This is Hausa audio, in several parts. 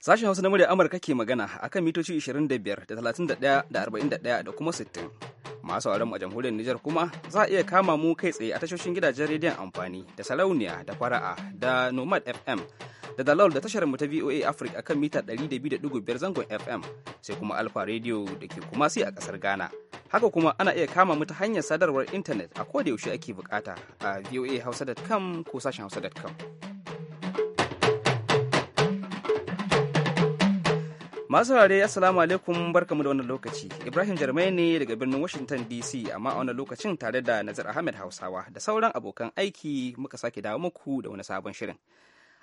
Sashen Hausa na murya Amurka ke magana akan mitoci 25 da 31 da 41 da kuma 60. masu auren a jamhuriyar Nijar kuma za a iya kama mu kai tsaye a tashoshin gidajen rediyon amfani da sarauniya da fara'a da nomad fm da dalol da tashar mu ta voa africa akan mita 200.5 zangon fm sai kuma alfa radio da ke kuma sai a kasar ghana haka kuma ana iya kama mu ta hanyar sadarwar intanet a koda yaushe ake bukata a voa hausa.com ko sashen hausa.com masu rare assalamu alaikum barkamu da wannan lokaci ibrahim jarmai ne daga birnin washington dc amma a wannan lokacin tare da nazar ahmed hausawa da sauran abokan aiki muka sake dawo muku da wani sabon shirin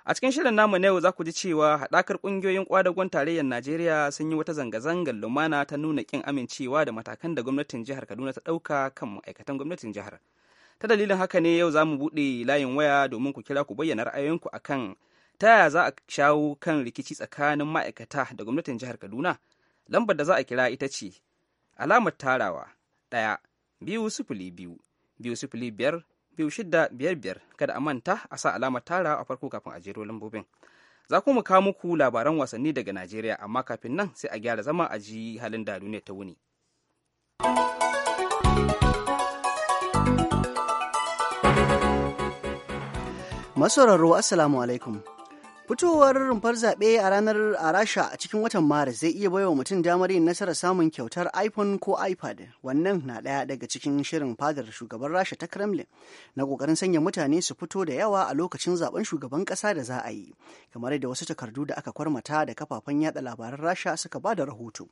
a cikin shirin namu na yau za ku ji cewa haɗakar ƙungiyoyin kwadagon tarayyar najeriya sun yi wata zanga-zangar lumana ta nuna ƙin amincewa da matakan da gwamnatin jihar kaduna ta ɗauka kan ma'aikatan gwamnatin jihar ta dalilin haka ne yau za mu buɗe layin waya domin ku kira ku bayyana ra'ayoyinku akan ta yaya za a shawo kan rikici tsakanin ma'aikata da gwamnatin jihar kaduna lambar da za a kira ita ce alamar tarawa ɗaya biyu sufuli biyu biyu sufuli biyar biyu shida biyar biyar kada a manta a sa alamar tarawa a farko kafin a jero lambobin za ku mu kawo muku labaran wasanni daga najeriya amma kafin nan sai a gyara zama a ji halin da duniya ta wuni. Masauraro Assalamu alaikum. Fitowar rumfar zaɓe a ranar a Rasha a cikin watan Maris zai iya baiwa mutum damar yin nasarar samun kyautar iPhone ko iPad. Wannan na ɗaya daga cikin shirin fadar shugaban Rasha ta Kremlin na ƙoƙarin sanya mutane su fito da yawa a lokacin zaɓen shugaban ƙasa da za a yi, kamar da wasu takardu da aka kwarmata da kafafen yada labaran Rasha suka ba da rahoto.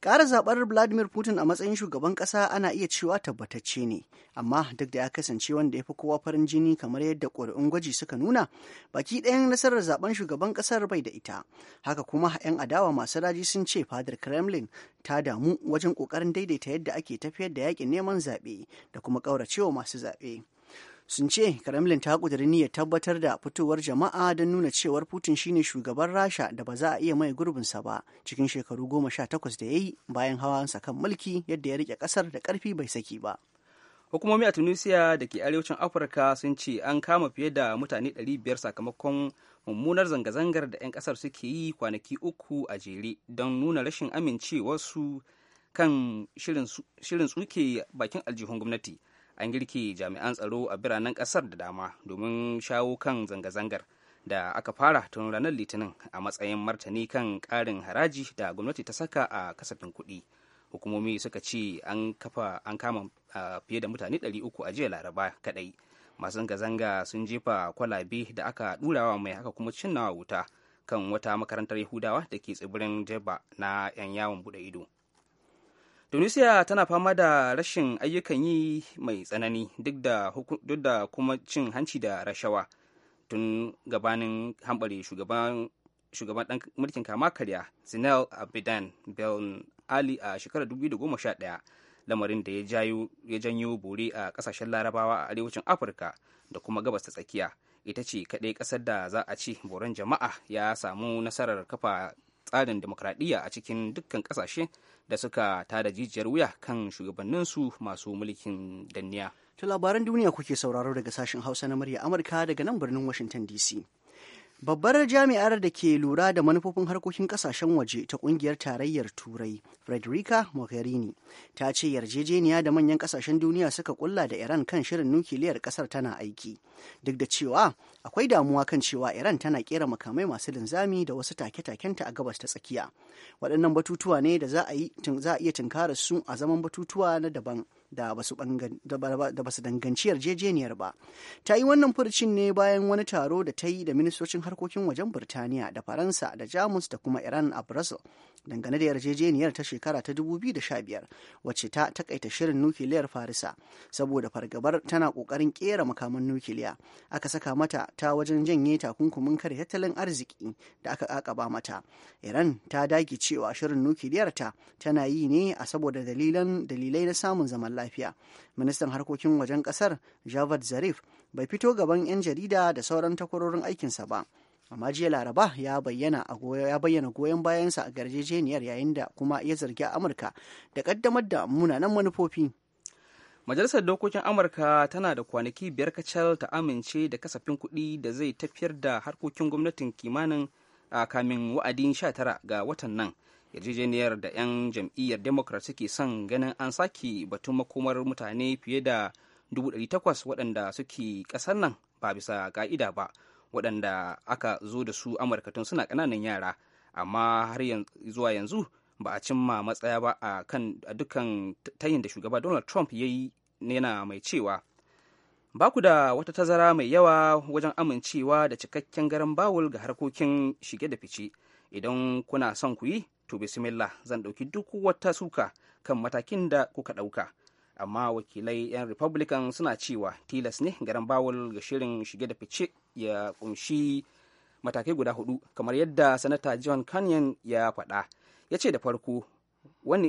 Ƙara zaɓar Vladimir Putin a matsayin shugaban ƙasa ana iya cewa tabbatacce ne, amma duk da ya kasance wanda ya fi kowa farin jini kamar yadda ƙuri'un gwaji suka nuna, baki ɗayan nasarar zaɓen shugaban ƙasar bai da ita. Haka kuma 'yan adawa masu raji sun ce fadar Kremlin ta damu wajen ƙoƙarin daidaita yadda ake tafiyar da yaƙin neman zaɓe da kuma ƙauracewa masu zaɓe. sun ce kremlin ta ƙudiri ya tabbatar da fitowar jama'a don nuna cewar putin shine shugaban rasha da ba za a iya mai gurbinsa ba cikin shekaru goma sha takwas da ya yi bayan hawansa kan mulki yadda ya rike kasar da karfi bai saki ba hukumomi a tunisia da ke arewacin afirka sun ce an kama fiye da mutane 500 sakamakon mummunar zanga-zangar da 'yan kasar suke yi kwanaki uku a jere don nuna rashin amincewarsu kan shirin tsuke bakin aljihun gwamnati an girki jami'an tsaro a biranen ƙasar da dama domin shawo kan zanga-zangar da aka fara tun ranar litinin a matsayin martani kan ƙarin haraji da gwamnati ta saka a kasafin kuɗi hukumomi suka ce an kafa an kama fiye da mutane 300 a jiya laraba kaɗai masu zanga-zanga sun jefa kwalabe da aka ɗurawa mai haka kuma cinnawa wuta kan wata makarantar yahudawa da ke tsibirin jeba na 'yan yawon buɗe ido tunisia tana fama da rashin ayyukan yi mai tsanani duk da kuma cin hanci da rashawa tun gabanin hambare shugaban dan mulkin kama karya zinel abidan beln ali a shekarar 2011 lamarin da ya janyo bore a kasashen larabawa a arewacin afirka da kuma gabas ta tsakiya ita ce kaɗai ƙasar da za a ci boron jama'a ya samu nasarar kafa tsarin demokradiyya a cikin dukkan kasashe da suka tada jijiyar wuya kan shugabanninsu masu mulkin danniya. To labaran duniya kuke sauraro daga sashen Hausa na murya Amurka daga nan birnin Washington DC. Babbar jami'ar da ke lura da manufofin harkokin kasashen waje ta kungiyar tarayyar Turai, Frederica Mogherini, ta ce yarjejeniya da manyan kasashen duniya suka kulla da Iran kan shirin nukiliyar kasar tana aiki. Duk da cewa akwai damuwa kan cewa Iran tana kera makamai masu linzami da wasu take-takenta a gabas ta tsakiya. Waɗannan batutuwa ne da za a iya tunkara su a zaman batutuwa na daban. da ba su danganci yarjejeniyar ba ta yi wannan furcin ne bayan wani taro da ta yi da ministocin harkokin wajen birtaniya da faransa da jamus da kuma iran a brussels dangane da yarjejeniyar ta shekara ta 2015 wacce ta takaita shirin nukiliyar farisa saboda fargabar tana kokarin kera makaman nukiliya aka saka mata ta wajen janye takunkumin kare tattalin arziki da aka kakaba mata iran ta dage cewa shirin nukiliyar ta tana yi ne a saboda dalilan dalilai na samun zaman lafiya ministan harkokin wajen kasar javad zarif bai fito gaban 'yan jarida da sauran takwarorin aikinsa ba amma jiya laraba ya bayyana ya bayyana goyon bayansa a garjejeniyar yayin da kuma ya zargi amurka da kaddamar da munanan manufofi majalisar dokokin amurka tana da kwanaki biyar kacal ta amince da kasafin kuɗi da zai tafiyar da harkokin gwamnatin kimanin a kamin wa'adin tara ga watan nan yarjejeniyar da 'yan jam'iyyar democrat suke son ganin an sake batun makomar mutane fiye da 800 waɗanda suke ƙasar nan ba bisa ka'ida ba waɗanda aka zo da su amurka tun suna ƙananan yara amma har zuwa yanzu ba a cimma matsaya ba a kan dukkan tayin da shugaba donald trump ya yi yana mai cewa ba ku da wata tazara mai yawa wajen amincewa da cikakken garin bawul ga harkokin shige da fice idan kuna son ku yi to bismillah zan ɗauki duk wata suka kan matakin da kuka ɗauka amma wakilai 'yan republican suna cewa tilas ne garan bawul ga shirin shige da fice ya kunshi matakai guda hudu kamar yadda sanata john canyon ya faɗa ya ce da farko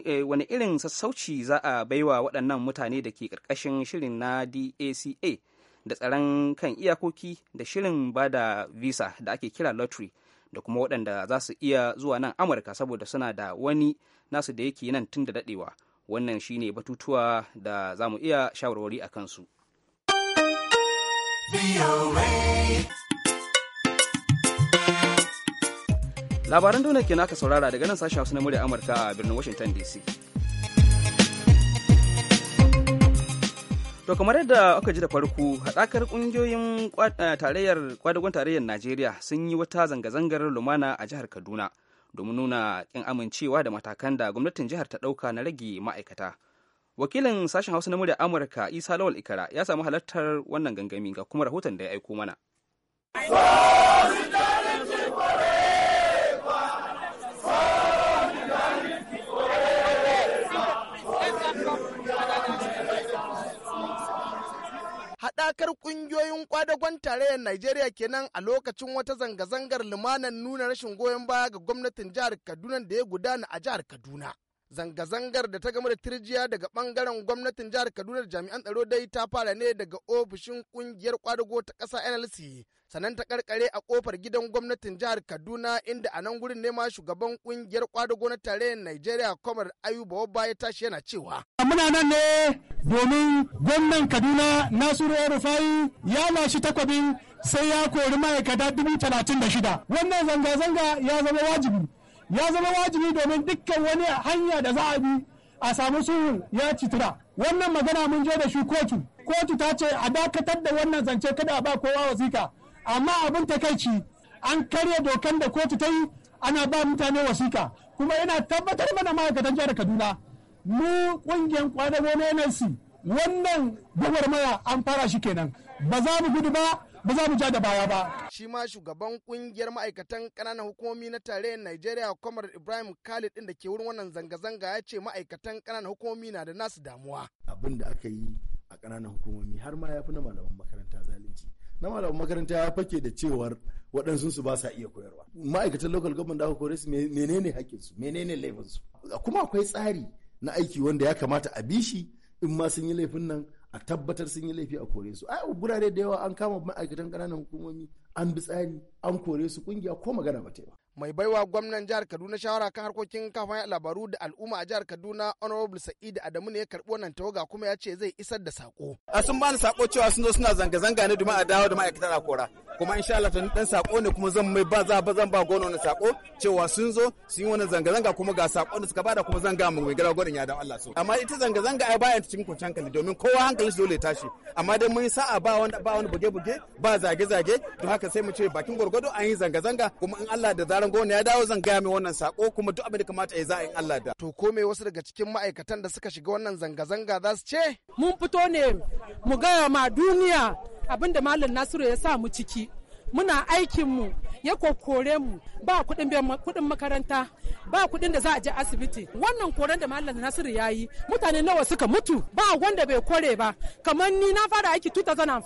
eh, wani irin sassauci za a baiwa waɗannan mutane da ke ƙarƙashin shirin na daca da tsaron kan iyakoki da shirin ba da visa da ake kira lottery da kuma waɗanda za su iya zuwa nan amurka saboda suna da wani nasu da yake nan tun da daɗewa wannan shine batutuwa da za mu iya shawarwari a kansu labaran duniya kenan aka saurara daga nan sashen hausa na murya amurka a birnin washington dc To kamar yadda aka ji da farko haɗakar ƙungiyoyin eh, tarayyar kwadagon tarayyar Najeriya sun yi wata zanga-zangar lumana a jihar Kaduna domin nuna kin amincewa da matakan da gwamnatin jihar ta ɗauka na rage ma'aikata wakilin sashen hausa na murya amurka isa lawal ikara ya samu halartar wannan gangami ga kuma rahoton da ya aiko mana Haɗakar ƙungiyoyin kwadagon tarayyar Najeriya kenan a lokacin wata zanga-zangar lumanan nuna rashin goyon baya ga gwamnatin jihar Kaduna da ya gudana a jihar Kaduna. zanga-zangar da ta gama da tirjiya daga bangaren gwamnatin jihar kaduna da jami'an tsaro dai ta fara ne daga ofishin kungiyar kwadago ta ƙasa nlc sannan ta karkare a kofar gidan gwamnatin jihar kaduna inda a nan gurin nema shugaban kungiyar kwadago na tarayyar nigeria kwamar ayuba wabba ya tashi yana cewa muna nan ne domin gwamnan kaduna nasiru rufai ya lashi takwabin sai ya kori ma'aikata dubu talatin da shida wannan zanga-zanga ya zama wajibi ya zama wajibi domin dukkan wani hanya da za a bi a samu sulhun ya citira wannan magana mun je da shi kotu kotu ta ce a dakatar da wannan zance kada a ba kowa wasika amma abin takaici an karya dokan da kotu ta yi ana ba mutane wasika kuma yana tabbatar mana ma'aikatan jihar kaduna mu ƙungiyar kwadago na nlc wannan gwagwarmaya an fara shi kenan ba za mu gudu ba ba za mu ja da baya ba. Shi ma shugaban kungiyar ma'aikatan ƙananan hukumomi na tarayyar Najeriya Kwamar Ibrahim Khalid din da ke wurin wannan zanga-zanga ya ce ma'aikatan ƙananan hukumomi na da nasu damuwa. Abin da aka yi a ƙananan hukumomi har ma ya fi na malaman makaranta zalunci. Na malaman makaranta ya fake da cewar waɗansu su ba sa iya koyarwa. Ma'aikatan local government da aka kore su menene su menene laifinsu. Kuma akwai tsari na aiki wanda ya kamata a bi shi in ma sun yi laifin nan a tabbatar sun yi laifi a kore su ai gurare da yawa an kama ma'aikatan ƙananan hukumomi an bi tsari an kore su kungiya ko magana ba ta yi ba mai baiwa gwamnan jihar kaduna shawara kan harkokin kafin labaru da al'umma a jihar kaduna honorable sa'id adamu ne ya karbi wannan tawaga kuma ya ce zai isar da sako a sun bani sako cewa sun zo suna zanga-zanga ne domin a dawo da ma'aikatan a kora kuma insha Allah tun dan sako ne kuma zan mai ba za ba zan ba gona wani sako cewa sun zo sun yi wani zanga-zanga kuma ga sako da suka bada kuma zanga mu mai gara gwanin ya dan Allah so amma ita zanga-zanga ai bayan cikin kwanciyar hankali domin kowa hankalin dole ya tashi amma dai mun sa'a ba wanda ba wani buge-buge ba zage-zage to haka sai mu ce bakin gurgudu an yi zanga-zanga kuma in Allah da zaran wannan gwamna ya dawo zan gaya mai wannan sako kuma duk abin da kamata ya za in Allah da. To ko me wasu daga cikin ma'aikatan da suka shiga wannan zanga-zanga za su ce? Mun fito ne mu gaya ma duniya abin da Malam Nasiru ya sa mu ciki. Muna aikinmu ya kokore mu ba kuɗin makaranta ba kuɗin da za a je asibiti wannan koren da malam nasiru ya yi mutane nawa suka mutu ba wanda bai kore ba kamar ni na fara aiki 2005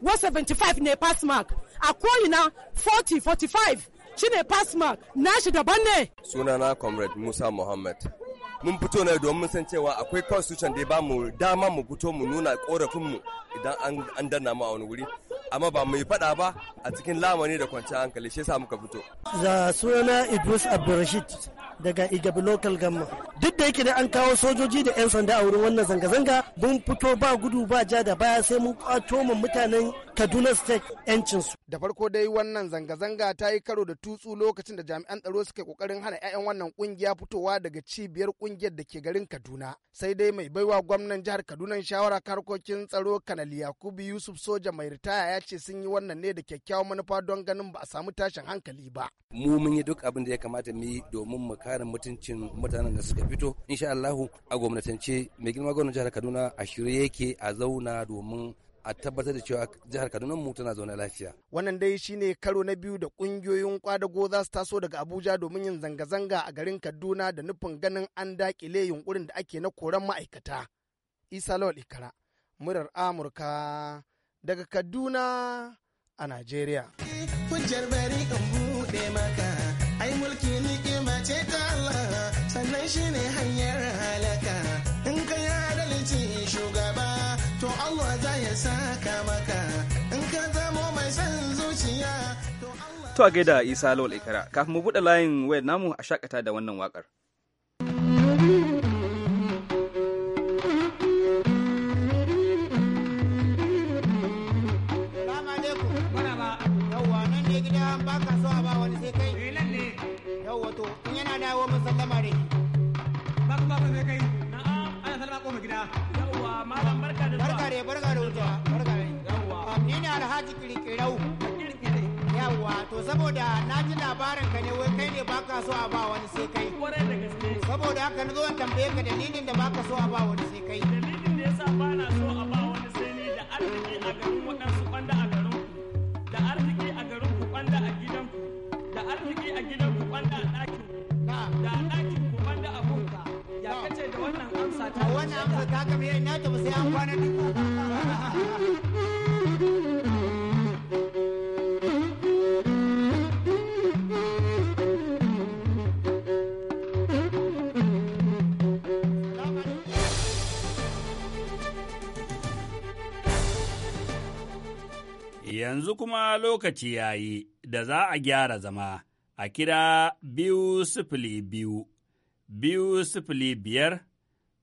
75 ne pass mark a ko'ina 40 45 shine na shi daban ne sunana comrade musa muhammad mun fito ne domin mun san cewa akwai constitution da ya mu dama mu fito mu nuna korafinmu idan an danna mu a wani wuri amma ba mai faɗa ba a cikin lamani da kwanciyar hankali shi yasa muka fito. Za suna Idris Abdulrashid daga Igabi Local Gamma. Duk da yake da an kawo sojoji da 'yan sanda a wurin wannan zanga-zanga mun fito ba gudu ba ja da baya sai mun kwato mu mutanen Kaduna State 'yancinsu. Da farko dai wannan zanga-zanga ta yi karo da tutsu lokacin da jami'an tsaro suka kokarin hana 'ya'yan wannan kungiya fitowa daga cibiyar kungiyar da ke garin Kaduna. Sai dai mai baiwa gwamnan jihar Kaduna shawara karkokin tsaro Kanali Yakubu Yusuf Soja mai ritaya ya ce sun yi wannan ne da kyakkyawan manufa don ganin ba a samu tashin hankali ba. Mu mun yi duk abin da ya kamata mu yi domin mu kare mutuncin mutanen da suka fito. Insha Allahu a gwamnatance mai girma gwamnatin jihar Kaduna a shirye yake a zauna domin a tabbatar da cewa jihar Kaduna mu tana zaune lafiya. Wannan dai shine karo na biyu da kungiyoyin kwadago za su taso daga Abuja domin yin zanga-zanga a garin Kaduna da nufin ganin an dakile yunkurin da ake na koran ma'aikata. Isa Lawal Ikara, murar Amurka daga Kaduna a Najeriya. Hujjar bari in buɗe maka, ai mulki ni'ima ce ta Allah, sannan shi ne hanyar halaka. In ka yi adalci shugaba, to Allah za ya saka maka. In ka zamo mai son zuciya, to Allah... To a gaida Isa Lawal Ikara, kafin mu buɗe layin wayar namu a shakata da wannan waƙar. dawo Ba ba sai kai. Na'am. Ana gida. Yawwa malam barka da zuwa. Barka da barka da wuta. Barka da. Yawwa. Ni ne Alhaji Kirkirau. Yawwa to saboda na ji labarin ka ne wai kai ne baka so a ba wani sai kai. Saboda haka na zo tambaye ka dalilin da baka so a ba wani sai kai. Yanzu kuma lokaci ya yi da za a gyara zama a kira biyu sifili biyu, biyu sifili biyar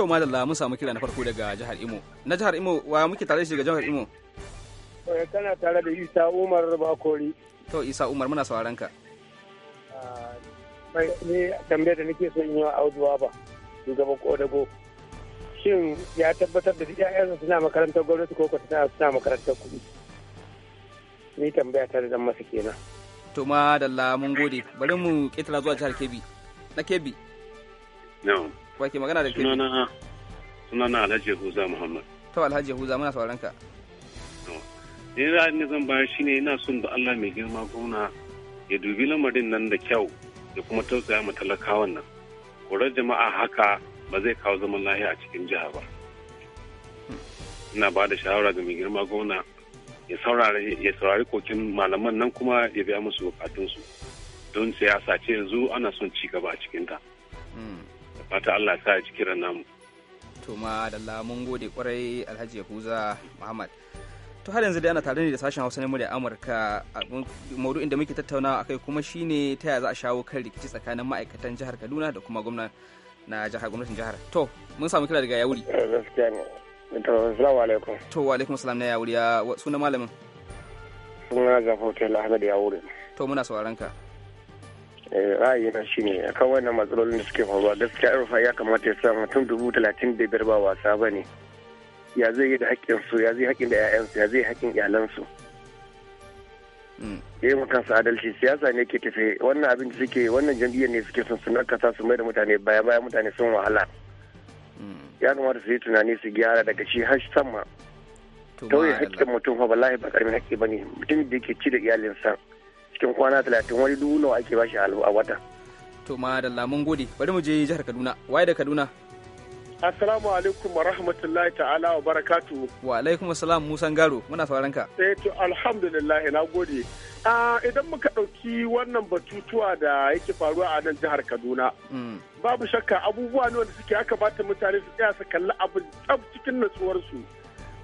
To madalla mun samu kira na farko daga jihar Imo. Na jihar Imo wa muke tare shi daga jihar Imo? kana tare da Isa Umar Bakori. To Isa Umar muna sauraron ka. Ah, ne tambayar da nake son in yi wa auduwa ba shugaban kodago shin ya tabbatar da ƴaƴansa suna makarantar gwamnati ko kuma suna makarantar kuɗi ni tambaya ta da masa kenan to ma da mun gode bari mu ketara zuwa jihar Kebbi na Kebbi na'am wa ke magana da ke. sunana sunana Alhaji Huza Muhammad to Alhaji Huza muna sauran ka ni ra'ayin ne zan bayar shine ina son da Allah mai girma gona ya dubi lamarin nan da kyau da kuma tausaya ma talakawan nan horar jama'a haka ba zai kawo zaman lahiya a cikin jiha ba ina ba da shawara ga mai girma gona ya saurari kokin malaman nan kuma ya biya musu bukatunsu don siyasa ce yanzu ana son ci gaba a cikin ta. Hmm. fata Allah sa ya kiran namu to ma dalla mun gode kwarai Alhaji Yahuza Muhammad to har yanzu dai ana tare ne da sashen Hausa na murya Amurka maudu'in da muke tattaunawa akai kuma shine ta yaya za a shawo kan rikici tsakanin ma'aikatan jihar Kaduna da kuma gwamnati na jihar gwamnatin jihar to mun samu kira daga Yawuri eh, gaskiya ne to assalamu alaikum to wa alaikum assalam na Yawuri sunan malamin Sunan Zafar Taylor Ahmed Yawuri to muna sauraron ka Eh, ra'ayina shi ne kan wannan matsalolin da suke faruwa gaskiya rufa ya kamata ya sa mutum dubu talatin da biyar ba wasa ba ne ya zai yi da haƙƙinsu ya zai haƙƙin da 'ya'yansu ya zai haƙƙin iyalansu hmm. ya yi kansu adalci siyasa ne ke tafe wannan abin da suke wannan jam'iyyar ne suke son su nakasa su mai da mutane baya baya mutane sun wahala hmm. ya kamata su yi tunani su gyara daga shi har sama tauye haƙƙin mutum fa wallahi ba ƙaramin haƙƙi ba ne mutum da ke ci da iyalinsa. sa cikin kwana talatin wani dubu nawa ake bashi a wata. To ma da lamun gode bari mu je jihar Kaduna waye da Kaduna. Assalamu alaikum wa rahmatullahi ta'ala wa barakatu. Wa alaikum assalam Musa Garo muna sauran ka. Eh to alhamdulillah na gode. Ah, idan muka ɗauki wannan batutuwa da yake faruwa a nan jihar Kaduna. Mm. Babu shakka abubuwa ne wanda suke aka bata mutane su tsaya su kalli abin tsab cikin natsuwarsu.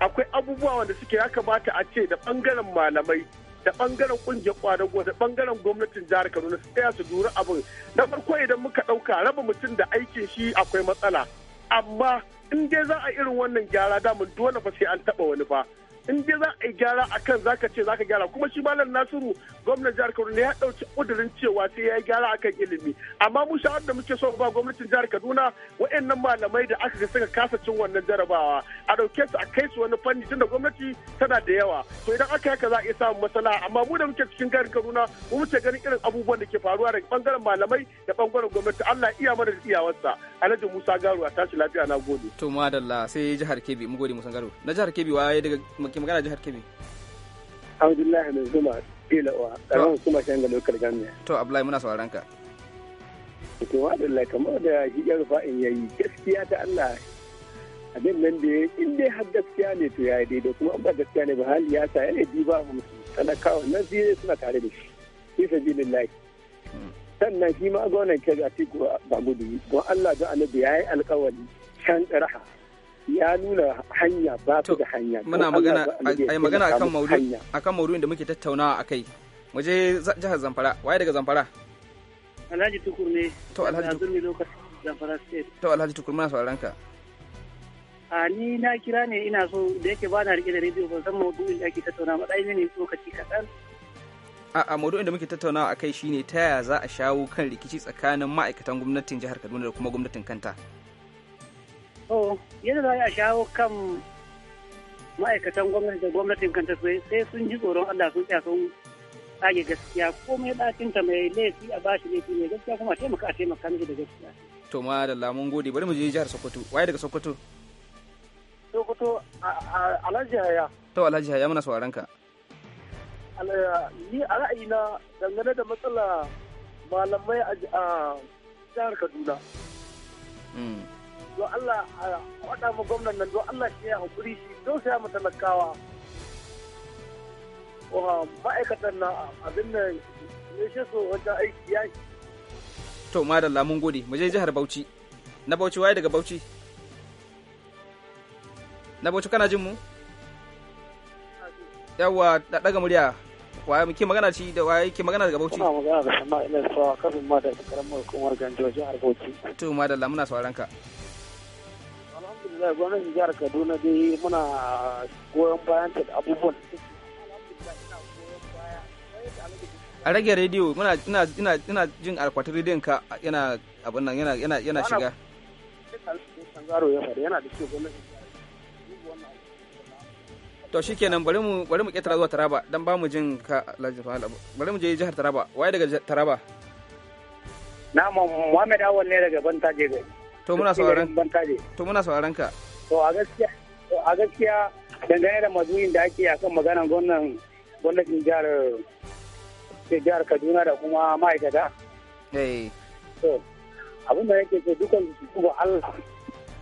Akwai abubuwa wanda suke aka bata a ce da ɓangaren malamai da bangaren kungiyar kwadago da bangaren gwamnatin jihar kaduna su tsaya su dura abin na farko idan muka dauka raba mutum da aikin shi akwai matsala amma in dai za a irin wannan gyara damun dole fa sai an taba wani ba. in dai za a yi gyara za zaka ce zaka gyara kuma shi malam nasiru gwamnan jihar kaduna ya dauki ƙudurin cewa sai ya yi gyara a kan ilimi amma mu shawar da muke so ba gwamnatin jihar kaduna wa'annan malamai da aka ga suka kasa cin wannan jarabawa a ɗauke su a kai su wani fanni tunda gwamnati tana da yawa to idan aka haka za a iya samun matsala amma mu da muke cikin garin kaduna mu muke ganin irin abubuwan da ke faruwa daga bangaren malamai da bangaren gwamnati allah iya mana da iyawarsa alhaji musa garu a tashi lafiya na gode to madalla sai jihar kebbi mu gode musa garu na jihar kebbi waye daga ke magana jihar Kebbi? Abdullahi mai zuma wa ƙarfin kuma shan ga lokal gamiya. To, Abdullahi muna sauraron ka. To, Adalla, kamar da shi ya rufa in yayi gaskiya ta Allah abin nan da in dai har gaskiya ne to ya yi daidai kuma an ba gaskiya ne ba hali ya sa yana diba mu talakawa na zire suna tare da shi fi sabilillahi. Mm. Sannan shi ma gonan wannan kaga ba gudu don Allah don annabi ya yi alkawari can raha ya nuna hanya ba su da hanya muna magana a magana akan maudu'in akan maudu da muke tattaunawa a mu je jihar Zamfara waye daga Zamfara Alhaji Tukur ne to Alhaji Tukur Zamfara state to Alhaji Tukur muna sauraron ka a ni na kira ne ina so da yake ba na rike da radio ban san maudu da ake tattaunawa ba dai ne lokaci kaɗan a maudu da muke tattaunawa a kai shine ta yaya za a shawo kan rikici tsakanin ma'aikatan gwamnatin jihar Kaduna da kuma gwamnatin kanta To, yadda za a shawo kan ma'aikatan gwamnati da gwamnatin kanta sai sun ji tsoron Allah sun tsaya sun tsage gaskiya ko komai ta mai laifi a bashi laifi mai gaskiya kuma a taimaka a taimaka mishi da gaskiya. To ma da lamun gode bari mu je jihar Sokoto waye daga Sokoto. Sokoto Alhaji Haya. To Alhaji Haya muna sauraron ka. Eh, ni a ra'ayina dangane da matsala malamai a jihar Kaduna. Hmm. don Allah a faɗa mu gwamnan nan do Allah shi ya haƙuri shi don sai mu talakawa ma'aikatan na abin da ne shi so wata aiki ya to madalla mun gode mu je jihar Bauchi na Bauchi waye daga Bauchi na Bauchi kana jin mu yawa da daga murya waye muke magana ci da waye ke magana daga Bauchi kuna magana da Sama'ila Sawa kafin ma da karamar hukumar Ganjo jihar Bauchi to madalla muna sauraron ka alhamdulillah gwamnatin abubuwan a rage rediyo muna ina ina ina jin alkwatar rediyon ka yana abin yana shiga to shikenan bari mu bari mu ketara zuwa Taraba dan ba mu jin ka Alhaji Fahal bari mu je jihar Taraba waye daga Taraba na Muhammad Awal ne daga Bantaje gari to muna sauraron to muna sauraron ka to a gaskiya to a gaskiya dangane da mazuyin da ake akan maganar gwamnan gwamnatin jihar eh, jihar Kaduna da kuma ma'aikata eh to abin da yake ce dukan su ga Allah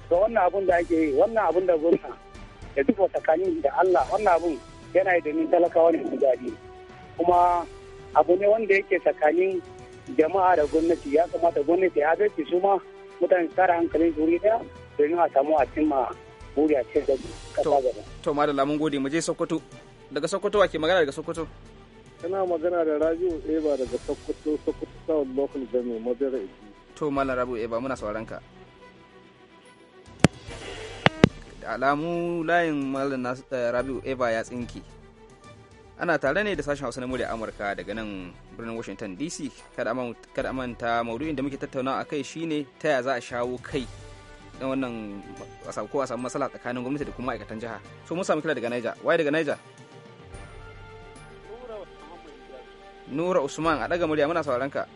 to wannan abin da ake yi wannan abin da gwamna ya duka tsakanin da Allah wannan abin yana yi ni talakawa ne su kuma abu ne wanda yake tsakanin jama'a da gwamnati ya kamata gwamnati ya gaske su ma mutane su tara hankalin juriya domin a samu a cimma buri a cikin kasa gaba. To ma da lamun gode mu je Sokoto daga Sokoto wa ke magana daga Sokoto. Kana magana da Rabiu Eba daga Sokoto Sokoto South Local Government Mabera Ibi. To Malam Rabiu Eba muna sauran ka. Alamu layin Malam eh, Rabiu Eva ya tsinki ana tare ne da sashen hausa na murya amurka daga nan birnin washington dc kada manta maudu'in da muke tattaunawa a kai shine ta yaya za a shawo kai na wannan ko a samu matsala tsakanin gwamnati da kuma ma'aikatan jiha so mun samu kira daga naija waye daga naija nura usman a daga murya muna sauran ka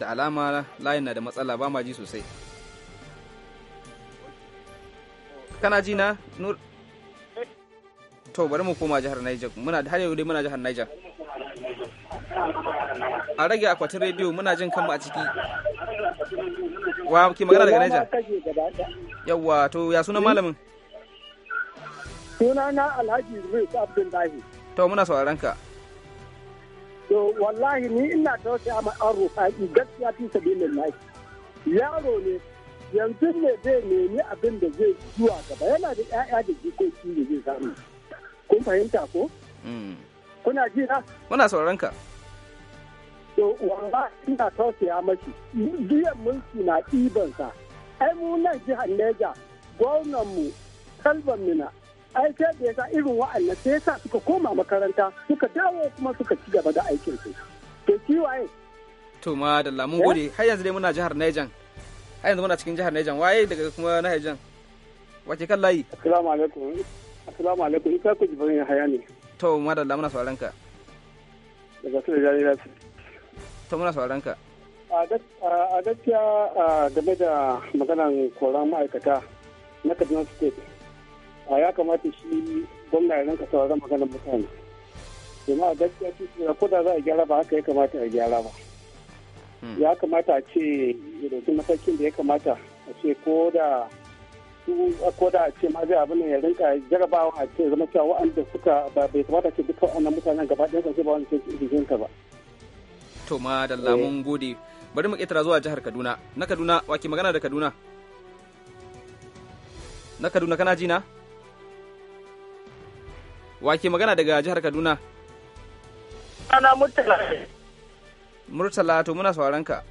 da alama layin na da matsala ba ma ji sosai kana ji na nur to bari mu koma jihar Niger muna da yau dai muna jihar Niger a rage akwatin rediyo muna jin kanmu a ciki wa ke magana daga Niger yawa to ya sunan malamin na Alhaji Ruiz Abdullahi to muna sauraron ka to wallahi ni ina tausaya ma an rufa'i gaskiya fi sabilillahi yaro ne yanzu ne zai nemi abin da zai zuwa gaba yana da 'ya'ya da jikoki da zai samu kun fahimta ko hmm. kuna ji na muna sauran ka to wanda ina tausaya mashi biyan mulki na sa. ai mu nan jihar Neja gwamnan mu kalban mina ai sai da yasa irin wa'annan sai yasa suka koma makaranta suka dawo kuma suka ci gaba da aikin su to kiwaye to ma da lamun gode har yanzu dai muna jihar Niger a yanzu muna cikin jihar Niger waye daga kuma na Niger wace kan layi assalamu alaikum assalamu alaikum ita ku jibrin haya ne to madalla muna sauraron ka daga su da jarira to muna sauraron ka a gaskiya game da maganan koran ma'aikata na Kaduna State a ya kamata shi gwamna ya rinka sauraron maganar mutane Jama'a a gaskiya shi ko da za a gyara ba haka ya kamata a gyara ba Mm. ya kamata a ce dauki matakin da ya kamata a ce ko da ko da a ce ma zai abin ya rinka jarabawa a ce zama cewa wa'anda suka bai kamata ce duka wannan mutanen gaba ɗaya ba wani ce ka ba. To ma da lamun eh. gode bari mu ƙetara zuwa jihar Kaduna na Kaduna waki magana da Kaduna. Na Kaduna kana ji na? waki magana daga jihar Kaduna. Ana murtala to muna sauran ka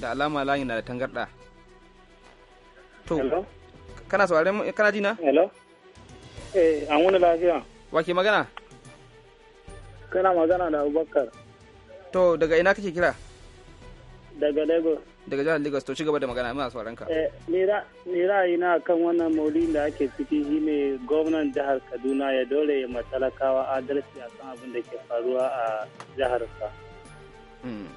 da alama layi na da tangarda to kana sauran eh, kana jina hello eh an wani lafiya wake magana kana magana da abubakar to daga ina kake kira daga lagos daga jihar Lagos to ci da magana muna sauran ka. Ni eh, ra'ayi na kan wannan maulidin da ake ciki shine gwamnan jihar Kaduna ya dole ya matalakawa adalci a kan abin da ke faruwa a jihar sa. Hmm.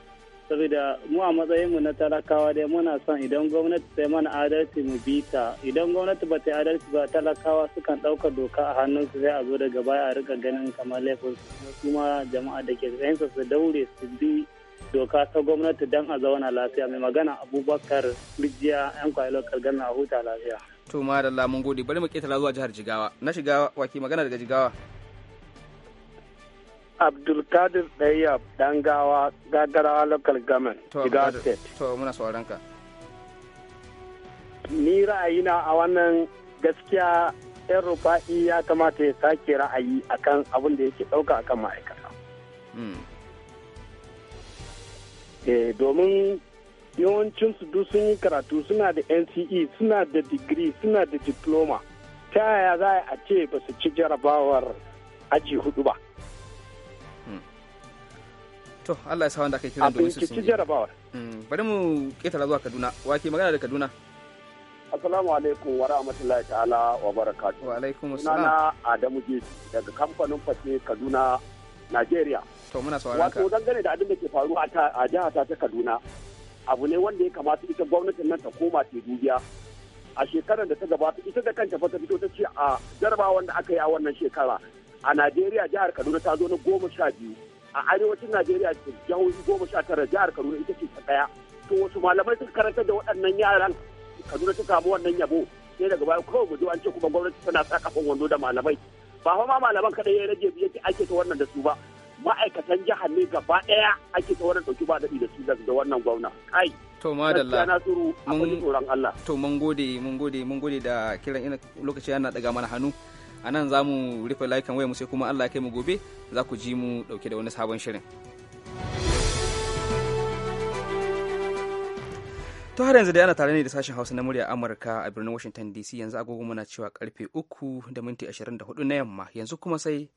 Saboda mu a matsayin mu na talakawa dai muna son idan gwamnati sai mana adalci mu bi ta idan gwamnati ba ta adalci ba talakawa sukan ɗauka doka a hannun su sai a zo daga baya a rika ganin kamar laifin su kuma jama'a da ke su daure su bi doka ta gwamnati don a zauna lafiya mai magana abubakar rijiya yan kwayo lokal ganna huta lafiya to ma da lamun gode bari mu ketara zuwa jihar jigawa na shiga waki magana daga jigawa abdulkadir dan gawa gagarawa local government jigawa state to muna sauran ka ni ra'ayina a wannan gaskiya yan rufa'i ya kamata ya sake ra'ayi akan abin da yake ɗauka akan ma'aikata hmm. Eh, domin yawancinsu duk sun yi karatu suna da nce suna da digiri suna da diploma ta yaya za a ce ba su ci jarabawar aji hudu ba hmm. to allah ya sa wanda aka kira domin su ci jarabawar hmm, bari mu ketara zuwa kaduna wake magana da kaduna Assalamu alaikum wa rahmatullahi ta'ala wa barakatuh Wa alaikum assalam. Sunana Adamu Jeji daga kamfanin fashe Kaduna, nigeria. To muna sauraron ka. Wato dangane da abin da ke faru a jihar ta ta Kaduna. Abu ne wanda ya kamata ita gwamnatin nan ta koma ta dubiya. A shekarar da ta gabata ita da kanta fa ta fito ta ce a jarabawan da aka yi a wannan shekara a Najeriya jihar Kaduna ta zo na goma biyu. a arewacin Najeriya jihohi goma sha tara jihar Kaduna ita ce ta ɗaya. To wasu malamai sun karanta da waɗannan yaran Kaduna ta samu wannan yabo sai daga baya kawai mu an ce kuma gwamnati tana sa wando da malamai. Ba fa ma malaman kaɗai ya rage biye ake ta wannan da su ba. ma'aikatan jihar ne gaba ɗaya ake tsawarar dauki ba daɗi da su da wannan gwamna kai to madalla to mun gode mun gode mun gode da kiran ina lokaci yana daga mana hannu a nan za mu rufe layukan waya mu sai kuma Allah ya kai mu gobe za ku ji mu dauke da wani sabon shirin to har yanzu dai ana tare ne da sashen hausa na murya amurka a birnin washington dc yanzu agogo muna cewa karfe uku da minti 24 na yamma yanzu kuma sai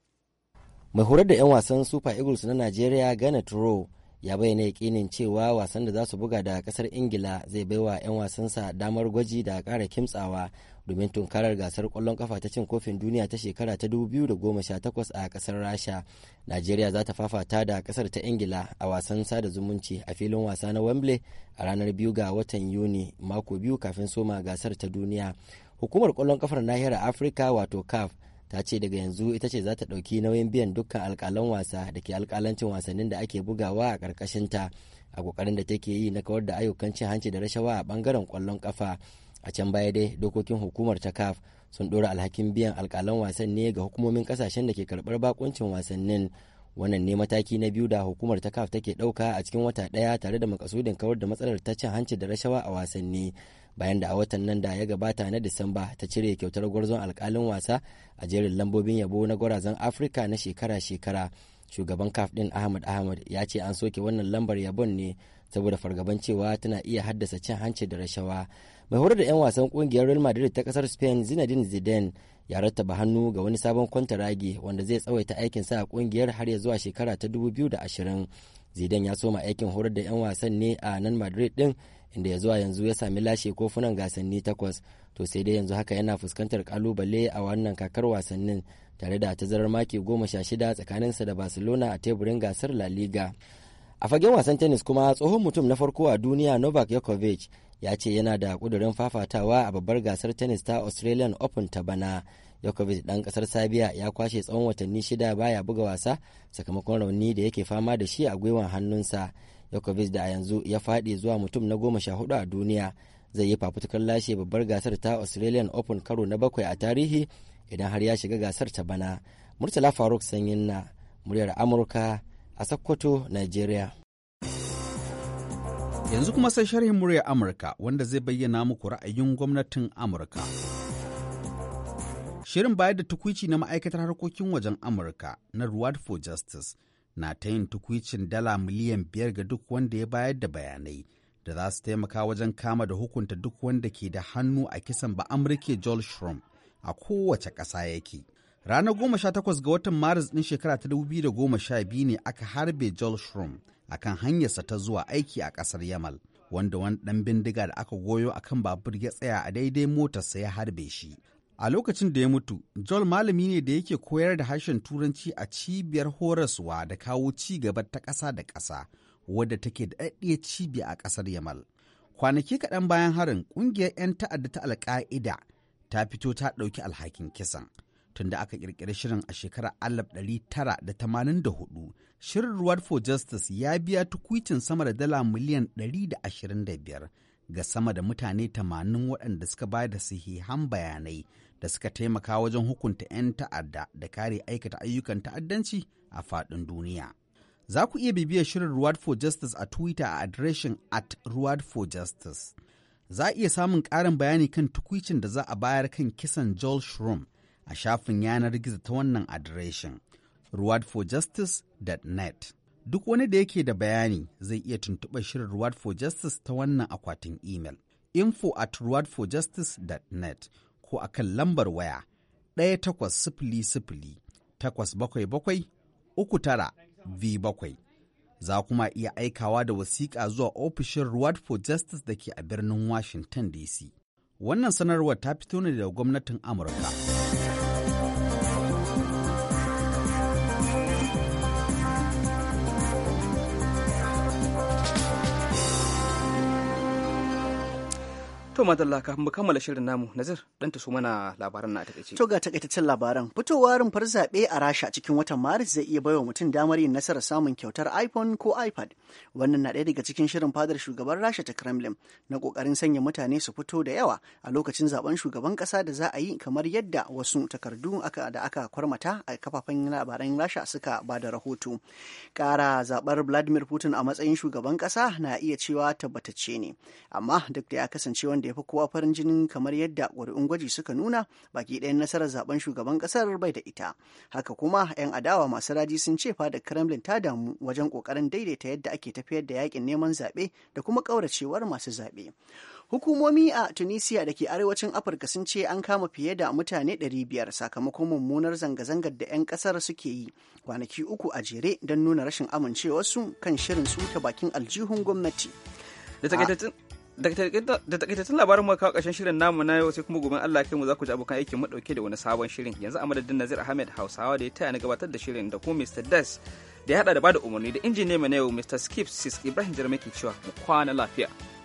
mai horar da 'yan wasan super eagles na nigeria gana turo ya bayyana yakinin cewa wasan da za su buga da kasar ingila zai baiwa 'yan wasansa damar gwaji da kara kimtsawa domin tunkarar gasar kwallon kafa ta cin kofin duniya ta shekara ta 2018 a kasar rasha nigeria za ta fafata da kasar ta ingila a wasan sada zumunci a filin wasa na wembley a ranar biyu ga watan yuni mako biyu kafin soma gasar ta duniya hukumar kwallon kafar nahiyar afirka wato caf ta ce daga yanzu ita ce za ta ɗauki nauyin biyan dukkan alkalan wasa da ke alƙalancin wasannin da ake bugawa a ƙarƙashinta a ƙoƙarin da take yi na kawar da ayyukan cin hanci da rashawa a bangaren kwallon kafa a can baya dai dokokin hukumar ta caf sun ɗora alhakin biyan alkalan wasan ne ga hukumomin ƙasashen da ke karbar bakuncin wasannin wannan ne mataki na biyu da hukumar ta caf take ɗauka a cikin wata ɗaya tare da makasudin kawar da matsalar ta cin hanci da rashawa a wasanni bayan da a watan nan da ya gabata na disamba ta cire kyautar gwarzon alkalin wasa a jerin lambobin yabo na gwarazan afirka na shekara-shekara shugaban kaf din ahmad ahmad ya ce an soke wannan lambar yabon ne saboda fargaban cewa tana iya haddasa cin hanci da rashawa mai horar da 'yan wasan kungiyar real madrid ta kasar spain zinedine zidane ya rattaba hannu ga wani sabon kwantaragi wanda zai tsawaita aikinsa a kungiyar har ya zuwa shekara ta 2020 zidane ya soma aikin horar da 'yan wasan ne a nan madrid din inda ya zuwa yanzu ya sami lashe kofunan gasanni takwas to sai dai yanzu haka yana fuskantar kalubale a wannan kakar wasannin tare da tazarar maki goma sha shida tsakaninsa da barcelona a teburin gasar la liga a fagen wasan tennis kuma tsohon mutum na farko a duniya novak yakovic ya ce yana da kudurin fafatawa a babbar gasar tennis ta australian open ta bana yakovic dan kasar Sabiya ya kwashe tsawon watanni shida baya buga wasa sakamakon rauni da yake fama da shi a gwiwan hannunsa Djokovic da a yanzu ya faɗi zuwa mutum na goma sha hudu a duniya zai yi fafutukar lashe babbar gasar ta Australian Open karo na bakwai a tarihi idan har ya shiga gasar ta bana. Murtala Faruk Sanyin na muryar Amurka a Sokoto, Nigeria. Yanzu kuma sai sharhin muryar Amurka wanda zai bayyana muku ra'ayin gwamnatin Amurka. Shirin bayar da tukwici na ma'aikatar harkokin wajen Amurka na Reward for Justice na ta yin tukwicin dala miliyan biyar ga duk wanda ya bayar da bayanai da za su taimaka wajen kama da hukunta duk wanda ke da hannu a kisan ba amurke joel shrum a kowace ƙasa yake ranar goma sha takwas ga watan maris ɗin shekara ta dubu biyu da goma sha biyu ne aka harbe joel shrum akan hanyarsa ta zuwa aiki a ƙasar yamal wanda wani ɗan bindiga da aka goyo akan babur ya tsaya a daidai motarsa ya harbe shi A lokacin da ya mutu, Joel malami ne da yake koyar da harshen Turanci a cibiyar horaswa da kawo ci gaba ta ƙasa da ƙasa, wadda take da ɗaɗɗiyar cibiya a ƙasar Yamal. Kwanaki kaɗan bayan harin, ƙungiyar 'yan ta'adda ta Alƙa'ida ta fito ta ɗauki alhakin kisan. Tunda aka ƙirƙiri shirin a shekarar hudu, shirin Reward for Justice ya biya tukwicin sama da dala miliyan ɗari da da ashirin biyar ga sama da mutane tamanin waɗanda suka bayar da sahihan bayanai da suka taimaka wajen hukunta 'yan ta'adda da kare aikata ayyukan ta'addanci a faɗin duniya. Za ku iya bibiyar shirin Ruwad for Justice a Twitter a adireshin at Ruwad for Justice. Za a iya samun ƙarin bayani kan tukwicin da za a bayar kan kisan Joel Shroom a shafin yanar gizo ta wannan adireshin ruwadforjustice.net. Duk wani da yake da bayani zai iya tuntuɓar shirin Ruwad for Justice ta wannan akwatin imel info at ruwadforjustice.net ko a kan lambar waya ɗaya takwas sifili sifili takwas bakwai bakwai uku tara v bakwai. Za kuma iya aikawa da wasiƙa zuwa ofishin Reward for Justice da ke a birnin Washington DC. Wannan sanarwar ta fito ne daga gwamnatin Amurka. To madalla kafin mu kammala shirin namu Nazir dan ta so mana labaran na a ce. To ga takaitaccen labaran fitowa rumfar zaɓe a Rasha cikin watan Maris zai iya baiwa mutum damar yin nasarar samun kyautar iPhone ko iPad. Wannan na ɗaya daga cikin shirin fadar shugaban Rasha ta Kremlin na kokarin sanya mutane su fito da yawa a lokacin zaben shugaban ƙasa da za a yi kamar yadda wasu takardu aka da aka kwarmata a kafafen labaran Rasha suka ba da rahoto. kara zaɓar Vladimir Putin a matsayin shugaban ƙasa na iya cewa tabbatacce ne amma duk da ya kasance wanda da ya fi kowa farin jinin kamar yadda ƙuri'un gwaji suka nuna baki ɗayan nasarar zaben shugaban ƙasar bai da ita haka kuma 'yan adawa masu raji sun ce fadar kremlin ta damu wajen ƙoƙarin daidaita yadda ake tafiyar da yakin neman zaɓe da kuma ƙauracewar masu zaɓe hukumomi a tunisia da ke arewacin afirka sun ce an kama fiye da mutane 500 sakamakon mummunar zanga-zangar da 'yan ƙasar suke yi kwanaki uku a jere don nuna rashin amincewarsu kan shirin tsuta bakin aljihun gwamnati da takaitattun labarin mu kawo ƙarshen shirin namu na yau sai kuma gobe Allah kai mu za ku ji abokan aikin mu dauke da wani sabon shirin yanzu a madadin Nazir Ahmed Hausawa da ya taya ni gabatar da shirin da kuma Mr. Das da ya hada da bada umarni da injiniya na yau Mr. Skip Sis Ibrahim Jarmaki cewa mu kwana lafiya.